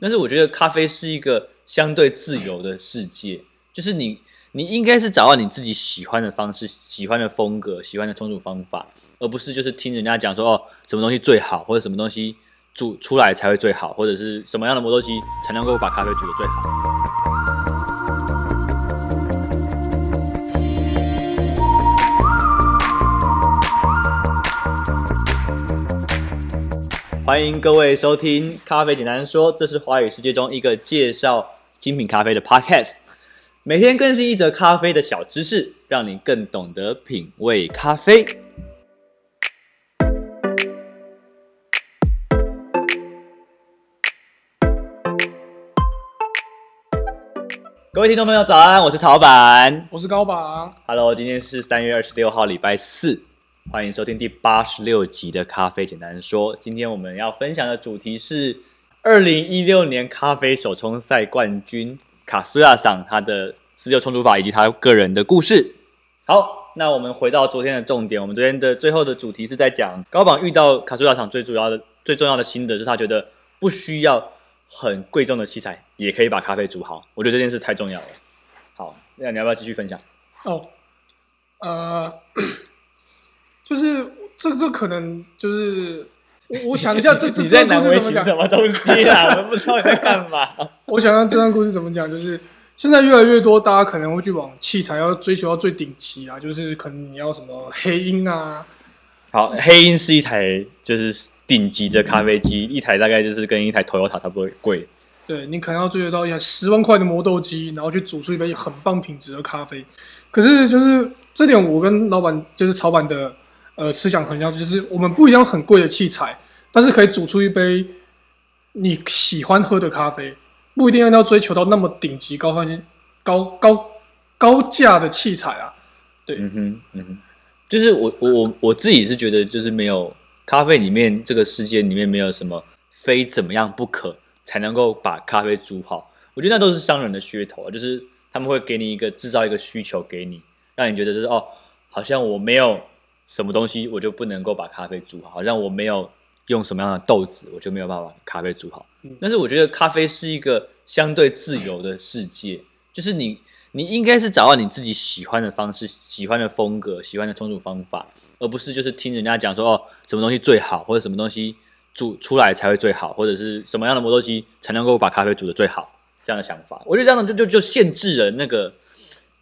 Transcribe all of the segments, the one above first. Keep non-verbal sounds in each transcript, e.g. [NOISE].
但是我覺得咖啡是一個相對自由的世界，就是你，你應該是找到你自己喜歡的方式、喜歡的風格、喜歡的沖煮方法，而不是就是聽人家講說哦，什麼東西最好，或者什麼東西煮出來才會最好，或者是什麼樣的磨豆機才能夠把咖啡煮得最好。歡迎各位收聽《咖啡簡單說》，這是華語世界中一個介紹精品咖啡的 podcast，每天更新一則咖啡的小知識，讓你更懂得品味咖啡。 [NOISE] 各位聽眾朋友，早安！我是曹板，我是高榜。Hello，今天是三月二十六號，禮拜四。歡迎收聽第八十六集的《咖啡簡單說》。今天我們要分享的主題是二零一六年咖啡手沖賽冠軍卡蘇亞桑他的四六沖煮法以及他個人的故事。好，那我們回到昨天的重點。我們昨天的最後的主題是在講高榜遇到卡蘇亞桑最主要的最重要的心得，是他覺得不需要很貴重的器材也可以把咖啡煮好。我覺得這件事太重要了。好，那你要不要繼續分享？哦，呃。就是這這可能就是我我想一下這 [LAUGHS] 這故事怎麼講什麼東西啊？ [LAUGHS] 我都不知道要幹嘛。 [LAUGHS] 我想讓這段故事怎麼講，就是現在越來越多大家可能會去往器材要追求到最頂級啊，就是可能你要什麼黑鷹啊。好，黑鷹是一台就是頂級的咖啡機，嗯，一台大概就是跟一台 Toyota 差不多貴。對，你可能要追求到一台十萬塊的磨豆機，然後去煮出一杯很棒品質的咖啡。可是就是這點，我跟老板就是潮板的。呃，思想很重要，就是我們不一定要很貴的器材，但是可以煮出一杯你喜歡喝的咖啡，不一定要要追求到那麼頂級、高、高、高、高價的器材啊。對，嗯哼，嗯哼，就是我我我我自己是覺得，就是沒有咖啡裡面這個世界裡面沒有什麼非怎麼樣不可才能夠把咖啡煮好，我覺得那都是商人的噱頭，啊，就是他們會給你一個制造一個需求給你，讓你覺得就是哦，好像我沒有。什麼東西我就不能夠把咖啡煮好，讓我沒有用什麼樣的豆子，我就沒有辦法把咖啡煮好。但是我覺得咖啡是一個相對自由的世界，嗯、就是你你應該是找到你自己喜歡的方式、喜歡的風格、喜歡的沖煮方法，而不是就是聽人家講說哦，什麼東西最好，或者什麼東西煮出來才會最好，或者是什麼樣的磨豆機才能夠把咖啡煮得最好，這樣的想法。我覺得這樣就就就限制了那個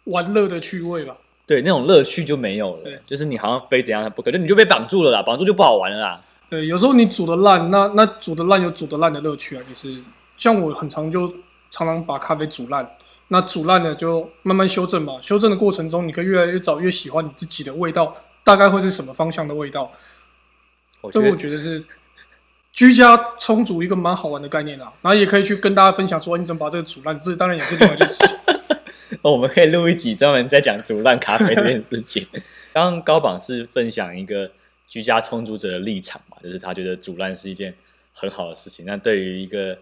玩樂的趣味吧。對，那種樂趣就沒有了。對，就是你好像非怎樣不可，就你就被綁住了啦，綁住就不好玩了啦。對，有時候你煮的爛，那那煮的爛有煮得爛的爛的樂趣啊，就是像我很常就常常把咖啡煮爛，那煮爛了就慢慢修正嘛，修正的過程中，你可以越來越找越喜歡你自己的味道，大概會是什麼方向的味道。所以我覺得是居家沖煮一個蠻好玩的概念啊，然後也可以去跟大家分享說你怎麼把這個煮爛，這 [LAUGHS] 當然也是另外一件事。 [LAUGHS] 哦，我們可以錄一集專門在講煮爛咖啡這件事情。剛剛高榜是分享一個居家沖煮者的立場嘛，就是他覺得煮爛是一件很好的事情。那對於一個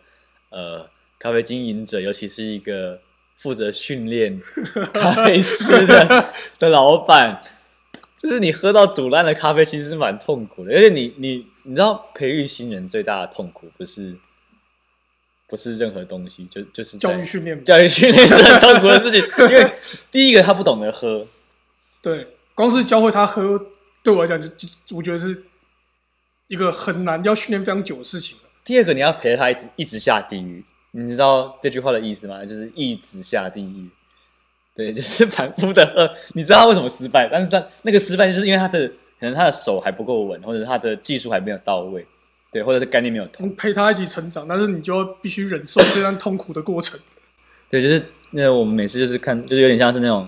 呃咖啡經營者，尤其是一個負責訓練咖啡師的的老闆，就是你喝到煮爛的咖啡其實是蠻痛苦的。而且你你你知道培育新人最大的痛苦不是。不是任何東西，就就是教育訓練，教育訓練是很痛苦的事情。 [LAUGHS] 因為第一個，他不懂得喝，對，光是教會他喝，對我來講就就我覺得是一個很難要訓練非常久的事情。第二個，你要陪着他一直一直下地獄，你知道這句話的意思嗎？就是一直下地獄，對，就是反復的喝。你知道他為什麼失敗？但是他那個失敗就是因為他的可能他的手還不夠穩，或者他的技術還沒有到位。對，或者是概念沒有通，陪他一起成長，但是你就必須忍受這段痛苦的過程。對，就是那我們每次就是看，就是有點像是那種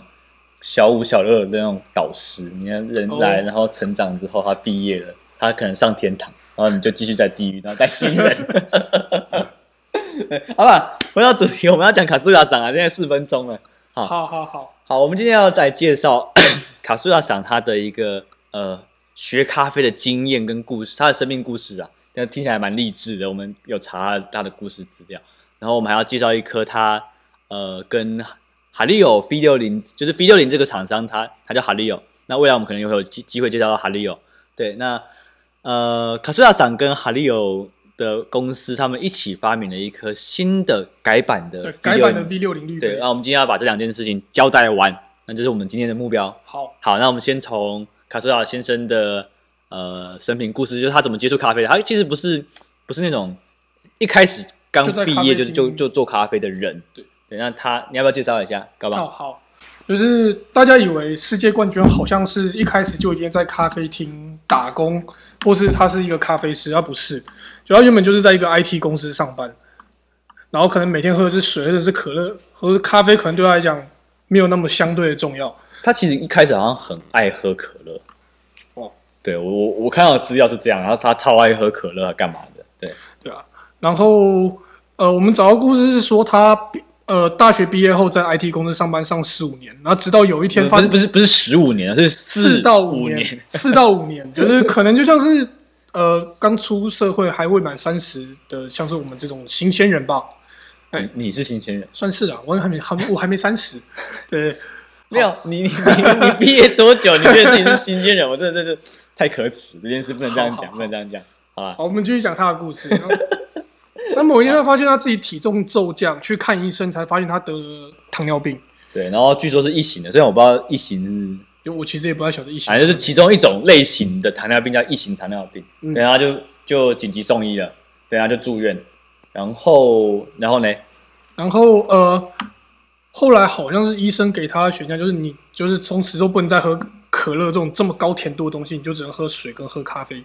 小五小六的那種導師，你看人來，然後成長之後他畢業了，他可能上天堂，哦、然後你就繼續在地獄， [LAUGHS] 然後再新人。 [LAUGHS] [LAUGHS] [LAUGHS] 好吧，回到主題，我們要講卡蘇亞桑啊，現在四分鐘了，好，好好好好，我們今天要再介紹 [COUGHS] 卡蘇亞桑他的一個呃學咖啡的經驗跟故事，他的生命故事啊。那聽起來蠻勵志的。我們有查他的故事資料，然後我們還要介紹一顆他呃，跟哈利歐 V 六零，就是 V 六零這個廠商他，他他叫哈利歐。那未來我們可能會有機機會介紹到哈利歐。對，那呃，粕谷桑跟哈利歐的公司，他們一起發明了一顆新的改版的 V60，對，改版的 V 六零綠對。那我們今天要把這兩件事情交代完，那這是我們今天的目標。好，好，那我們先從粕谷先生的。呃，生平故事就是他怎麼接觸咖啡的。他其實不是不是那種一開始剛畢業就就就，就，就做咖啡的人。對，對那他你要不要介紹一下搞不好？好，好就是大家以為世界冠軍好像是一開始就已經在咖啡廳打工，或是他是一個咖啡師。他不是，主要原本就是在一個 IT 公司上班，然後可能每天喝的是水或者是可樂，喝咖啡可能對他來講沒有那麼相對的重要。他其實一開始好像很愛喝可樂。對我，我看到的資料是這樣，然後他超愛喝可樂，幹嘛的？對對啊，然後呃，我們找到的故事是說他呃，大學畢業後在 IT 公司上班上十五年，然後直到有一天發現不是不是不是十五年是四到五年四到五年，4到5年 [LAUGHS] 就是可能就像是呃剛出社會還未滿三十的，像是我們這種新鮮人吧？哎、欸，你是新鮮人，算是啊，我還沒還沒我還沒三十，對。沒有你，你你畢業多久？你覺得自己是新鮮人？ [LAUGHS] 我這這這太可恥，這件事不能這樣講，不能這樣講，好吧？好，我們繼續講他的故事。那麼 [LAUGHS] 某一天，他發現他自己體重驟降，去看醫生，才發現他得了糖尿病。對，然後據說是一型的，雖然我不知道一型是，因為我其實也不太曉得一型，反、啊、正就是其中一種類型的糖尿病叫一型糖尿病。對、嗯、然後就就緊急送醫了，對，然後就住院，然後然後呢？然後呃。後來好像是醫生給他的選項，就是你就是從此之後，不能再喝可樂這種這麼高甜度的東西，你就只能喝水跟喝咖啡，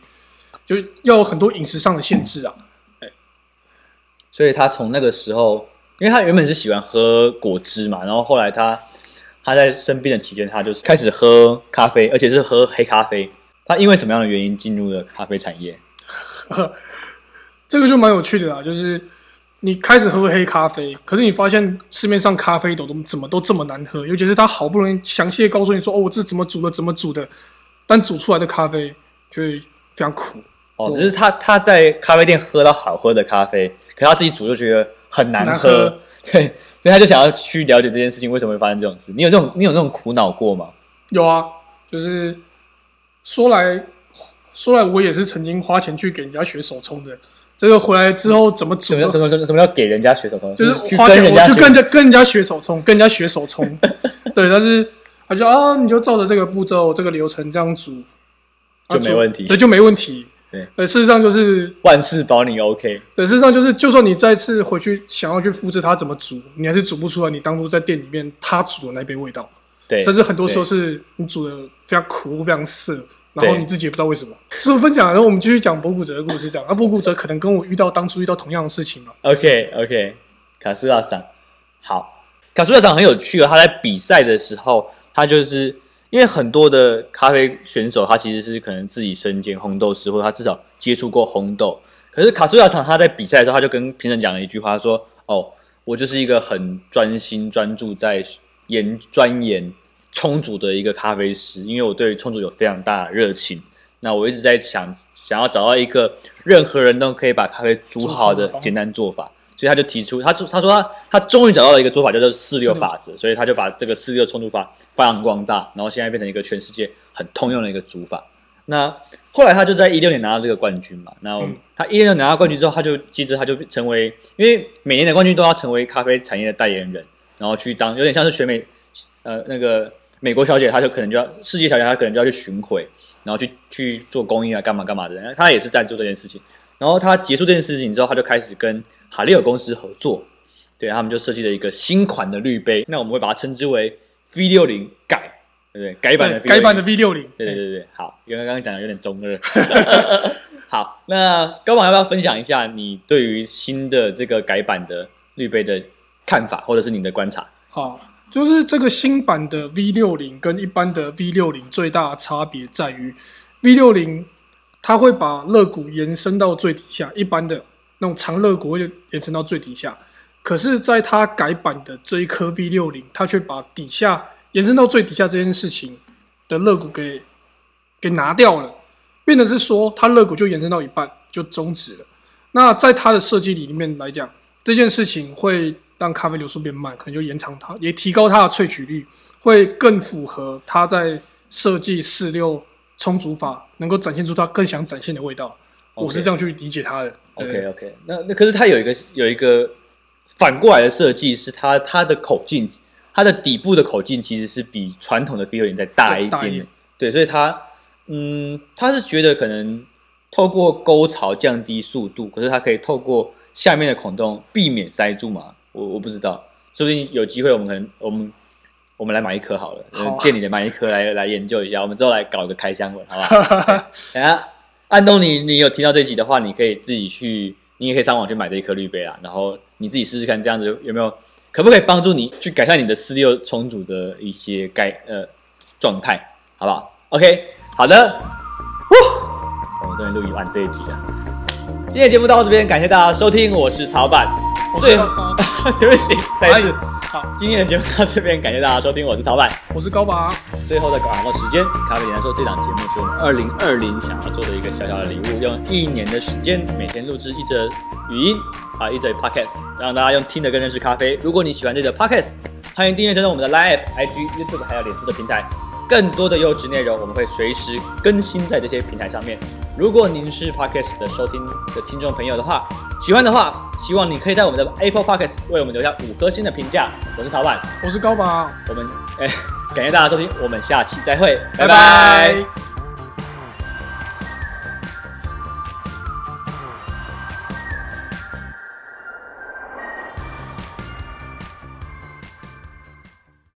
就是要有很多飲食上的限制啊。哎、嗯，所以他從那個時候，因為他原本是喜歡喝果汁嘛，然後後來他他在生病的期間，他就是開始喝咖啡，而且是喝黑咖啡。他因為什麼樣的原因進入了咖啡產業？ [LAUGHS] 這個就蠻有趣的啦、啊，就是。你開始喝黑咖啡，可是你發現市面上咖啡都怎麼都這麼難喝，尤其是他好不容易詳細的告訴你說：“哦，我這怎麼煮的，怎麼煮的”，但煮出來的咖啡卻、就是、非常苦。哦，就是他他在咖啡店喝到好喝的咖啡，可他自己煮就覺得很難喝,難喝。對，所以他就想要去了解這件事情，為什麼會發生這種事。你有這種你有這種苦惱過嗎？有啊，就是說來說來，說來我也是曾經花錢去給人家學手沖的。這個回來之後怎麼煮？什麼什麼什麼要給人家學手沖？就是花錢，我就跟着跟人家學手沖，跟人家學手沖。對，但是他就啊，你就照着這個步驟、這個流程這樣煮、啊，就沒問題，對，就沒問題。對，事實上就是萬事保你 OK。對，事實上就是，就算你再次回去想要去複制它怎麼煮，你還是煮不出來你當初在店裡面他煮的那一杯味道。對，甚至很多時候是你煮的非常苦，非常澀。然後你自己也不知道為什麼，所以我分享、啊，然後我們繼續講粕谷哲的故事這樣。講、 [LAUGHS] 啊，那粕谷哲可能跟我遇到當初遇到同樣的事情嘛？OK OK，粕谷桑，好，粕谷桑很有趣了、哦。他在比賽的時候，他就是因為很多的咖啡選手，他其實是可能自己身兼烘豆師，或者他至少接觸過烘豆。可是粕谷桑他在比賽的時候，他就跟評審講了一句話，他說：“哦，我就是一個很專心專注在研鑽研。”沖煮的一個咖啡師，因為我對沖煮有非常大的熱情。那我一直在想，想要找到一個任何人都可以把咖啡煮好的簡單做法。所以他就提出，他他說他他終於找到了一個做法，叫做四六法則。所以他就把這個四六沖煮法發揚光大，然後現在變成一個全世界很通用的一個煮法。那後來他就在一六年拿到這個冠軍嘛。那他一六年拿到冠軍之後，他就接着他就成為，因為每年的冠軍都要成為咖啡產業的代言人，然後去當有點像是選美，呃，那個。美國小姐，她，就可能就要世界小姐，她可能就要去巡迴，然後去去做公益啊，幹嘛幹嘛的。她也是在做這件事情。然後她結束這件事情之後，她就開始跟哈利爾公司合作，對，他們就設計了一個新款的濾杯。那我們會把它稱之為 V60 改，對不對？改版的，V60，改版的 V60。對對對對，欸，好，因為剛剛講的有點中二。 [LAUGHS] [LAUGHS] 好，那高榜要不要分享一下你對於新的這個改版的濾杯的看法，或者是你的觀察？好。就是這個新版的 V 六零，跟一般的 V 六零最大差別在於，V 六零它會把肋骨延伸到最底下，一般的那種長肋骨會延伸到最底下，可是，在它改版的這一顆 V 六零，它卻把底下延伸到最底下這件事情的肋骨給給拿掉了，變得是說它肋骨就延伸到一半就終止了。那在它的設計理念裡面來講，這件事情會。讓咖啡流速變慢，可能就延長它，也提高它的萃取率，會更符合它在設計四六沖煮法，能夠展現出它更想展現的味道。Okay. 我是這樣去理解它的。OK OK，那那可是它有一個有一個反過來的設計，是它它的口徑，它的底部的口徑其實是比傳統的 V60 再大一點，點大一點。對，所以它嗯，他是覺得可能透過溝槽降低速度，可是它可以透過下面的孔洞避免塞住嘛。我我不知道，說不定有機會，我們可能我們我們來買一顆好了好、啊，店裡的買一顆來來研究一下，我們之後來搞一個開箱文，好吧好？ [LAUGHS] 等一下，安東尼，你有聽到這一集的話，你可以自己去，你也可以上網去買這一顆濾杯啊，然後你自己試試看，這樣子有沒有，可不可以幫助你去改善你的四六重組的一些概呃狀態，好不好？OK，好的，哦，我們終於錄一完這一集了，今天節目到這邊，感謝大家收聽，我是曹板。 [MUSIC] 對， [MUSIC] [LAUGHS] 對不起，再一次。好，好。今天的節目到這邊，感謝大家收聽，我是曹柏，我是高鵬。最後的廣告時間，咖啡簡單說，這檔節目是我們二零二零想要做的一個小小的禮物，用一年的時間每天錄製一則語音啊，一則 podcast，讓大家用聽得更認識咖啡。如果你喜歡這則 podcast，歡迎訂閱加入我們的 Live、IG、YouTube 還有臉書的平台，更多的優質內容我們會隨時更新在這些平台上面。如果您是 podcast 的收聽的聽眾朋友的話，喜歡的話，希望你可以在我們的 Apple Podcast 為我們留下五顆星的評價。我是陶板，我是高板，我們哎，感謝大家收聽，我們下期再會，拜拜。拜拜。